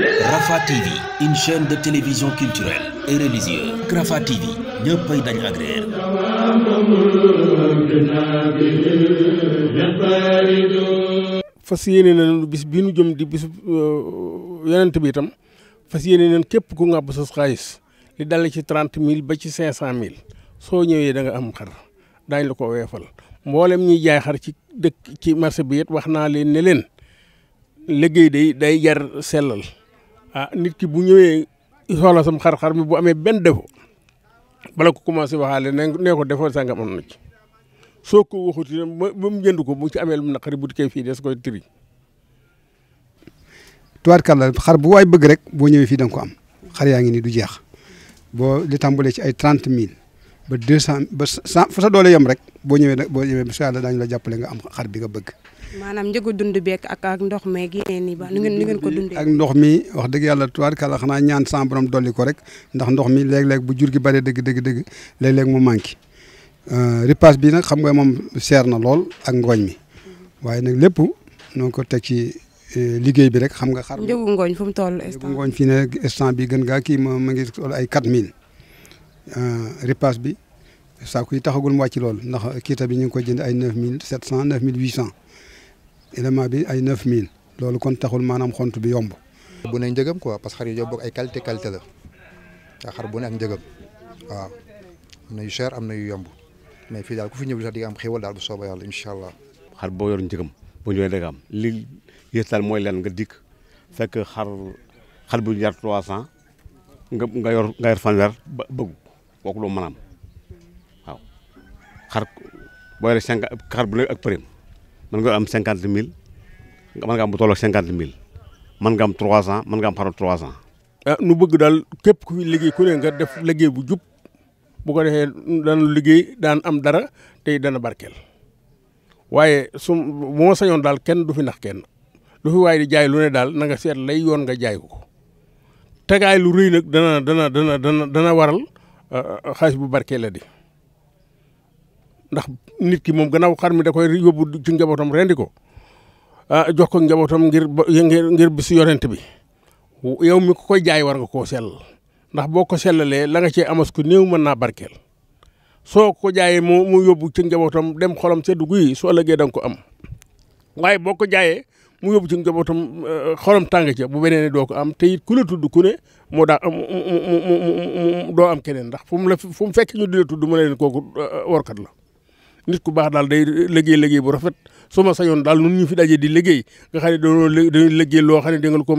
Rafah TV une de télévision culturelle et religieuse Rafah TV ñëppay nañu bis bi nu jëm di bisu euh, yonent bi itam fas yéene nañu képp ku ngàbb sa xaalis li dale ci trente mille ba ci cinq cent mille soo ñëwee danga am xar daañ la ko weefal mboolem ñuy jaay xar ci dëkk ci marché bi it wax naa leen ne leen liggéey day day jar sellal ah nit ki bu ñëwee soxla sam xar-xar mi bu amee benn defo bala ko commencé waxaale nee ko défaut sangam am na soo ko waxuti ba mu jënd ko bu ci amee lu mu naqari bu di koy fii des koy tiri. tubaarkàlla xar bu waay bëgg rek boo ñëwee fii da ko am xar yaa ngi nii du jeex boo li tàmbalee ci ay trente mille ba deux cent ba cent fa sa doole yem rek boo ñëwee nag boo ñëwee su yàlla daañu la jàppale nga am xar bi nga bëgg. maanaam njëgu dund beeg ak ak ndox meeg yeneen yi ngeen nu ngeen ko dundee. ak ndox mi wax dëgg yàlla tubaarkàlla xanaa ñaan sa borom dolli ko rek ndax ndox mi léeg-léeg bu jur gi bare dëgg dëgg dëgg léeg-léeg mu manqué euh, ripaas bi nag xam nga moom seer na lool ak ngooñ waaye nag lépp noo ko teg ci euh, liggéey bi rek xam nga. xar njëgu ngooñ fu mu toll instant njëgu ngooñ fii ne instant bi gën gaa kii ma ma ngi toll ay 4000 euh, ripaas bi. saako yi taxagul mu wàcc lool ndax kiita bi ñu ngi ko jënd ay neuf mille sept cent neuf mille huit cent élément bi ay 9000 loolu kon taxul maanaam xont bi yomb. bu ne njëgam quoi parce que xar yu jóg ay qualité qualité la waaw xar bu ne ak njëgam waaw am na yu cher am na yu yomb mais fii daal ku fi ñëw di am xéwal daal bu soobee yàlla incha allah. xar boo yor njëgam boo ñëwee da nga am li yées daal mooy leen nga dikk fekk xar xar bu jar 300 nga nga yor nga yor fanweer a am waaw xar boo yoree 5 xar bu ne ak prime. mën nga am cinquante mille mën nga am bu cinquante mille mën am trois ans mën nga am xaru trois ans. Ah, nu bëgg daal képp ku fi liggéey ku ne nga def liggéey bu jub bu ko defee daan liggéey daan am dara tey dana barkeel waaye su bu ma sañoon daal kenn du fi nax kenn lu fi waaye di jaay lu ne daal nanga seet lay yoon nga jaay ko tegaay lu rëy nag dana dana dana dana dana waral ah, ah, xaalis bu barkeel di. ndax nit ki moom ganaaw xar mi da koy yóbbu ci njabootam rendi ko ah jox ko njabootam ngir ngir bisu yonent bi yow mi ko koy jaay war nga koo sell ndax boo ko sellalee la nga cee amas ko néew mën naa barkeel soo ko jaayee mu mu yóbbu ci njabootam dem xolam seddu guy soo ëllëgee da nga ko am waaye boo ko jaayee mu yóbbu ci njabootam eh, xolam tàng ca bu beneen doo ko am te it ku la tudd ku moo daa am am keneen ndax fu mu la fu mu fekk ñu di la tudd mu ne leen kooku eh, warkat la. nit ku baax daal day liggéey liggéey bu rafet su ma sañoon daal nun ñu fi daje di liggéey nga xam ne dañoo dañuy loo xam ne da ngeen ko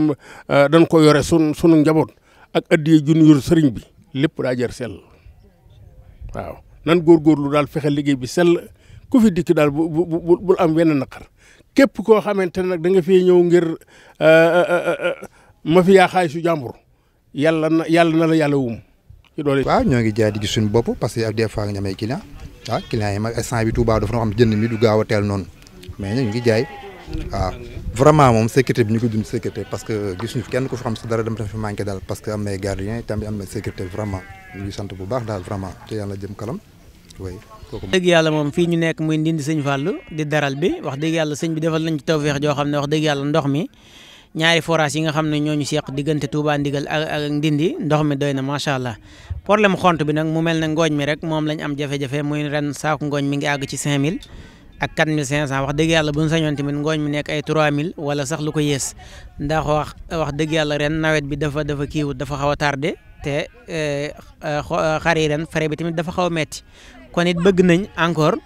dañ ko yore sun sunu njaboot ak addiye jun yor sëriñ bi lépp daa jar sell waaw nan góor góorgóorlu daal fexe liggéey bi sell ku fi dikk daal bu bu bul am wenn naqar képp koo xamante ne nag da nga ñëw ngir euh, euh, euh, ma fi yaa xaalisu jàmbur yàlla na yalla na la yàlla wum ci doole waaw ñoo ngi jaay di gis bopp parce que ak des fois nga ñamee client waaw ah, clients yi mag instant bi Touba dafa noo xam jënd mi du gaaw a teel noonu mais ñu ngi jaay waaw ah, vraiment moom sécurité bi ñu ko dund sécurité parce que gis ñu kenn ku fi xam si dara dem fi manqué daal parce que am nay gardien tamit am na sécurité vraiment ñu sant bu baax daal vraiment te yàlla jëm kanam oui. dëgg yàlla moom fii ñu nekk muy ndindi sëñ Fallou di daral bi wax dëgg yàlla sëñ bi defal nañ ci tawféex joo xam ne wax dëgg yàlla ndox mi ñaari forage yi nga xam ne ñooñu seeq diggante Touba Ndigal ak Ndindi ndox mi doy na macha allah problème xont bi nag mu mel ne ngooñ mi rek moom lañ am jafe-jafe muy ren saaku ngooñ mi ngi àgg ci 5000 ak 4500 wax dëgg yàlla bu sañoon tamit ngooñ mi nekk ay 3000 wala sax lu ko yées ndax wax wax dëgg yàlla ren nawet bi dafa dafa kiiwut dafa xaw a tardé te eh, eh, xar yi ren frais bi tamit dafa xaw a metti kon it bëgg nañ encore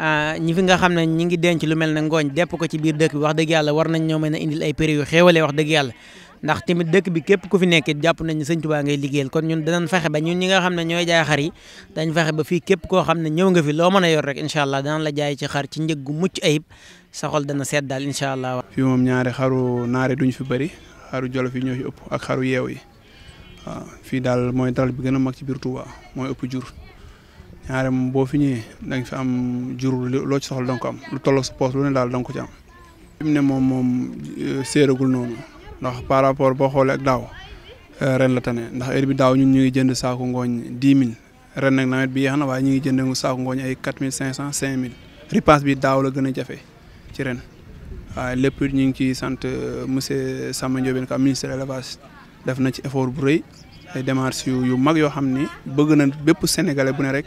Ah, ñi fi nga xam ne ñi ngi denc lu mel ne ngooñ depp ko ci biir dëkk bi wax dëgg yàlla war nañ ñoo mën a indil ay prix yu xéewalee wax dëgg yàlla ndax tamit dëkk bi képp ku fi nekke jàpp nañ ne sëñ Tuubaa ngay liggéeyal kon ñun danañ fexe ba ñun ñi nga xam ne ñooy jaay xar yi dañ fexe ba fii képp koo xam ne ñëw nga fi loo mën a yor rek incha allah danañ la jaay ci xar ci njëg gu mucc ayib sa xol dana seet daal incha allah. fii moom ñaari xaru naare duñu fi bëri xaru jolof yi ñoo fi ëpp ak xaru yeew yi waaw ah, fii daal mooy daral bi gën a mag ci biir Touba mooy ëpp jur ñaare boo fi ñëwee da nga fi am jur loo ci soxla da ko am lu tolloo sa poos ne daal da ko ci am. ne moom moom euh, séeragul noonu ndax par rapport boo xoolee ak daaw euh, ren la tane ndax heure bi daaw ñun ñu ngi jënd saako ngooñ dix mille ren nag nawet bi yéex na waaye ñu ngi jënd saako ngooñ ay quatre mille cinq cent cinq mille ripaas bi daaw la gën a jafe ci ren. waaye lépp ñu ngi ciy sant euh, monsieur sama Ndiobène Ka ministre de l'élevage def na ci effort bu rëy ay démarches yu mag yoo xam ni bëgg na bépp sénégalais bu ne rek.